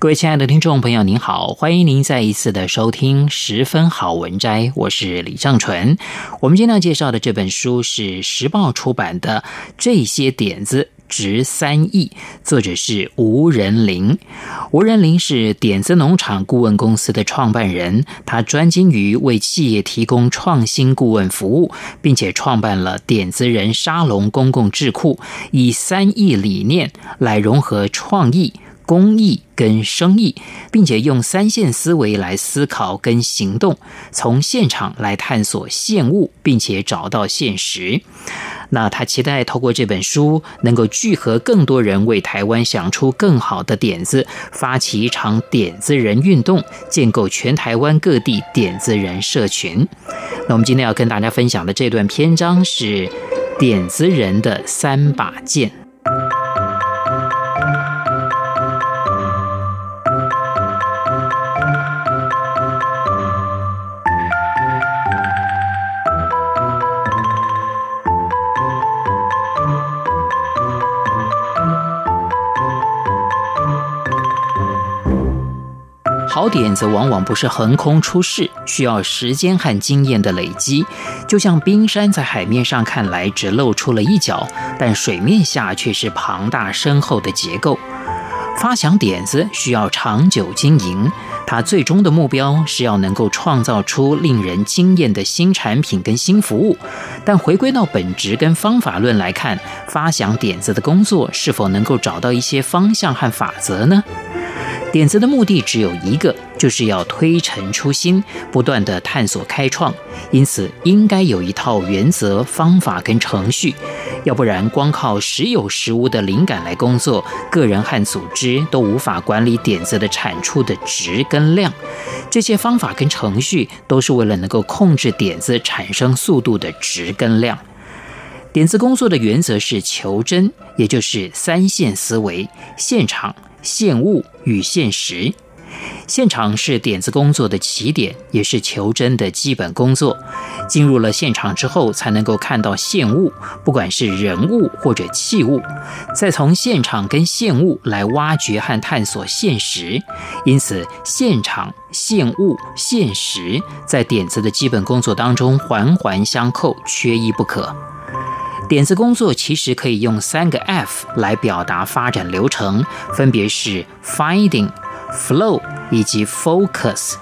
各位親愛的聽眾朋友，您好，歡迎您再一次的收聽《十分好文摘》，我是李尚純。我們今天要介紹的這本書是時報出版的《這些點子值三億》，作者是吳仁麟。吳仁麟是點子農場顧問公司的創辦人，他專精於為企業提供創新顧問服務，並且創辦了點子人沙龍公共智庫，以三意理念來融合創意，公益跟生意，並且用三意思維來思考跟行動，從現場來探索現物，並且找到現實。那他期待透過這本書，能夠聚合更多人為台灣想出更好的點子，發起一場點子人運動，建構全台灣各地點子人社群。那我們今天要跟大家分享的這段篇章是《點子人的三把劍》。點子往往不是橫空出世，需要時間和經驗的累積。就像冰山在海面上看來只露出了一角，但水面下卻是龐大深厚的結構。發想點子需要長久經營，它最終的目標是要能夠創造出令人驚艷的新產品跟新服務。但回歸到本質跟方法論來看，發想點子的工作是否能夠找到一些方向和法則呢？點子的目的只有一個，就是要推陳出新，不斷地探索開創，因此應該有一套原則、方法跟程序，要不然光靠時有時無的靈感來工作，個人和組織都無法管理點子的產出的值跟量。這些方法跟程序都是為了能夠控制點子產生速度的值跟量。點子工作的原則是求真，也就是三現思維：現場、現物與現實。現場是點子工作的起點，也是求真的基本工作。進入了現場之後，才能夠看到現物，不管是人物或者器物，再從現場跟現物來挖掘和探索現實。因此，現場、現物、現實在點子的基本工作當中環環相扣，缺一不可。點子工作其實可以用三個 F 來表達發展流程，分別是 Finding、Flow 以及 Focus。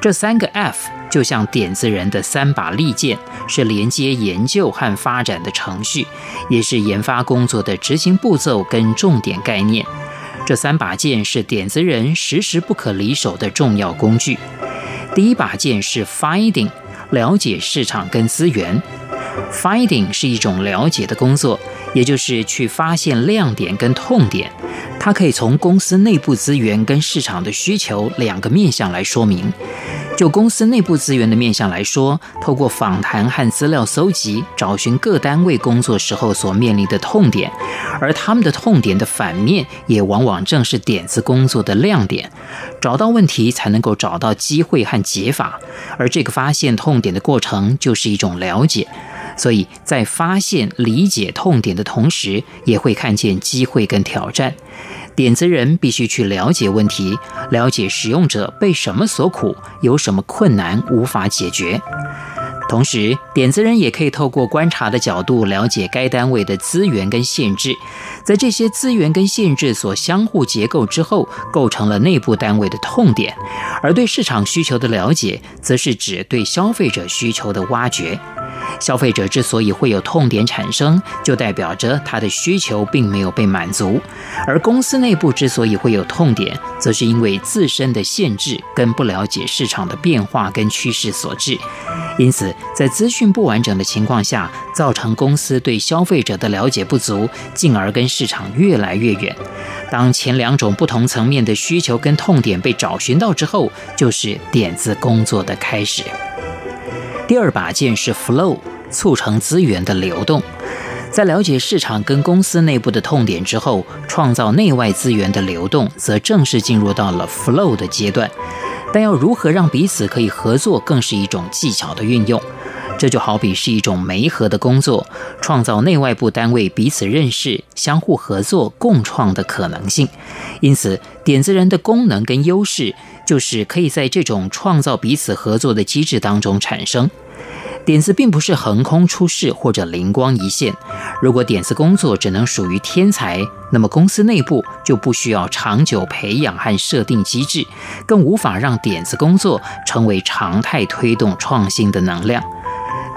這三個 F 就像點子人的三把利劍，是連接研究和發展的程序，也是研發工作的執行步驟跟重點概念。這三把劍是點子人時時不可離手的重要工具。第一把劍是 Finding，了解市場跟資源。Finding 是一種了解的工作，也就是去發現亮點跟痛點。它可以從公司內部資源跟市場的需求兩個面向來說明。就公司內部資源的面向來說，透過訪談和資料搜集，找尋各單位工作時候所面臨的痛點，而他們的痛點的反面，也往往正是點子工作的亮點。找到問題，才能夠找到機會和解法，而這個發現痛點的過程，就是一種了解。所以在發現、理解痛點的同時，也會看見機會跟挑戰。點子人必須去了解問題，了解使用者被什麼所苦，有什麼困難無法解決。同時，點子人也可以透過觀察的角度了解該單位的資源跟限制，在這些資源跟限制所相互結構之後，構成了內部單位的痛點。而對市場需求的了解，則是指對消費者需求的挖掘。消費者之所以會有痛點產生，就代表着他的需求並沒有被滿足；而公司內部之所以會有痛點，則是因為自身的限制跟不了解市場的變化跟趨勢所致。因此，在資訊不完整的情況下，造成公司對消費者的了解不足，進而跟市場越來越遠。當前兩種不同層面的需求跟痛點被找尋到之後，就是點子工作的開始。第二把劍是 flow，促成資源的流動。在了解市場跟公司內部的痛點之後，創造內外資源的流動，則正式進入到了 flow 的階段。但要如何讓彼此可以合作，更是一種技巧的運用。這就好比是一種媒合的工作，創造內外部單位彼此認識、相互合作、共創的可能性。因此，點子人的功能跟優勢。就是可以在這種創造彼此合作的機制當中產生，點子並不是橫空出世或者靈光一現。如果點子工作只能屬於天才，那麼公司內部就不需要長久培養和設定機制，更無法讓點子工作成為常態，推動創新的能量。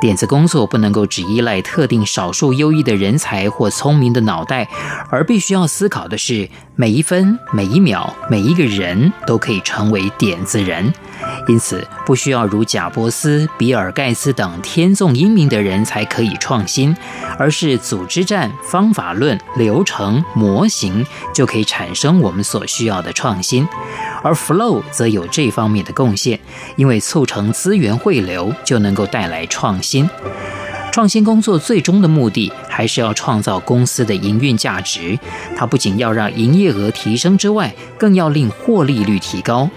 點子工作不能夠只依賴特定少數優異的人才或聰明的腦袋，而必須要思考的是，每一分、每一秒、每一個人，都可以成為點子人。因此，不需要如賈伯斯、比爾·蓋茨等天縱英明的人才可以創新，而是組織戰、方法論、流程、模型就可以產生我們所需要的創新。而 Flow 則有這方面的貢獻，因為促成資源匯流就能夠帶來創新。創新工作最終的目的，還是要創造公司的營運價值。它不僅要讓營業額提升之外，更要令獲利率提高。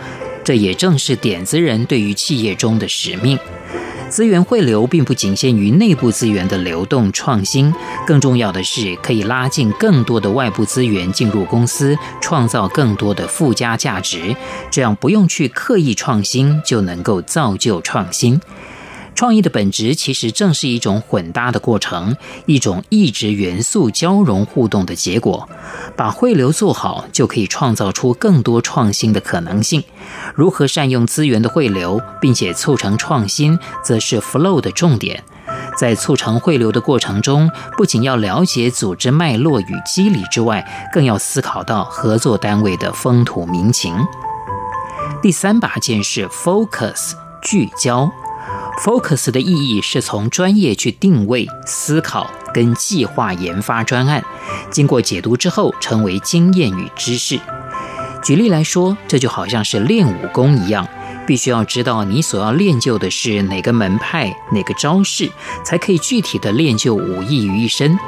這也正是點子人對於企業中的使命。資源匯流並不僅限於內部資源的流動創新，更重要的是可以拉近更多的外部資源進入公司，創造更多的附加價值。這樣不用去刻意創新，就能夠造就創新。創意的本質其實正是一種混搭的過程，一種異質元素交融互動的結果。把匯流做好，就可以創造出更多創新的可能性。如何善用資源的匯流，並且促成創新，則是 flow 的重點。在促成匯流的過程中，不僅要了解組織脈絡與機理之外，更要思考到合作單位的風土民情。第三把劍是 focus，聚焦。Focus 的意義是從專業去定位、思考跟計劃研發專案，經過解讀之後成為經驗與知識。舉例來說，這就好像是練武功一樣。必須要知道你所要練就的是哪個門派、哪個招式，才可以具體的練就武藝於一身。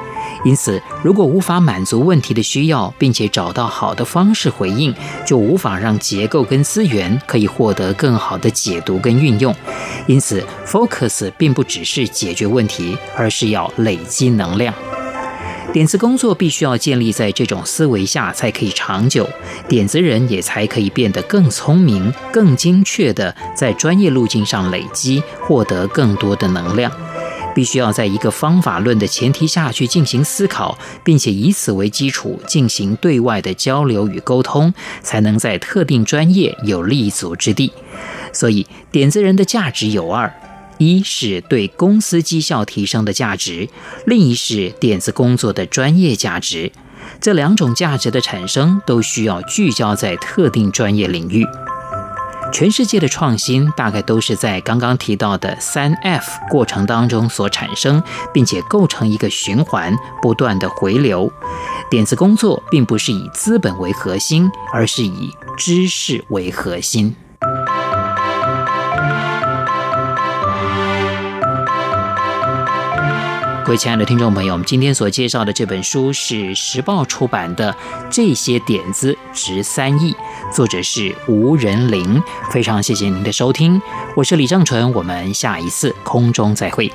因此，如果無法滿足問題的需要，並且找到好的方式回應，就無法讓結構跟資源可以獲得更好的解讀跟運用。因此，focus 並不只是解決問題，而是要累積能量。點子工作必須要建立在這種思維下才可以長久，點子人也才可以變得更聰明、更精確地在專業路徑上累積，獲得更多的能量。必須要在一個方法論的前提下去進行思考，並且以此為基礎進行對外的交流與溝通，才能在特定專業有立足之地。所以，點子人的價值有二。一是對公司績效提升的價值，另一是點子工作的專業價值。這兩種價值的產生都需要聚焦在特定專業領域。全世界的創新大概都是在剛剛提到的三 F 過程當中所產生，並且構成一個循環，不斷的回流。點子工作並不是以資本為核心，而是以知識為核心。各位親愛的聽眾朋友，我們今天所介紹的這本書是時報出版的，《這些點子值三億》，作者是吳仁麟。非常謝謝您的收聽，我是李正淳，我們下一次空中再會。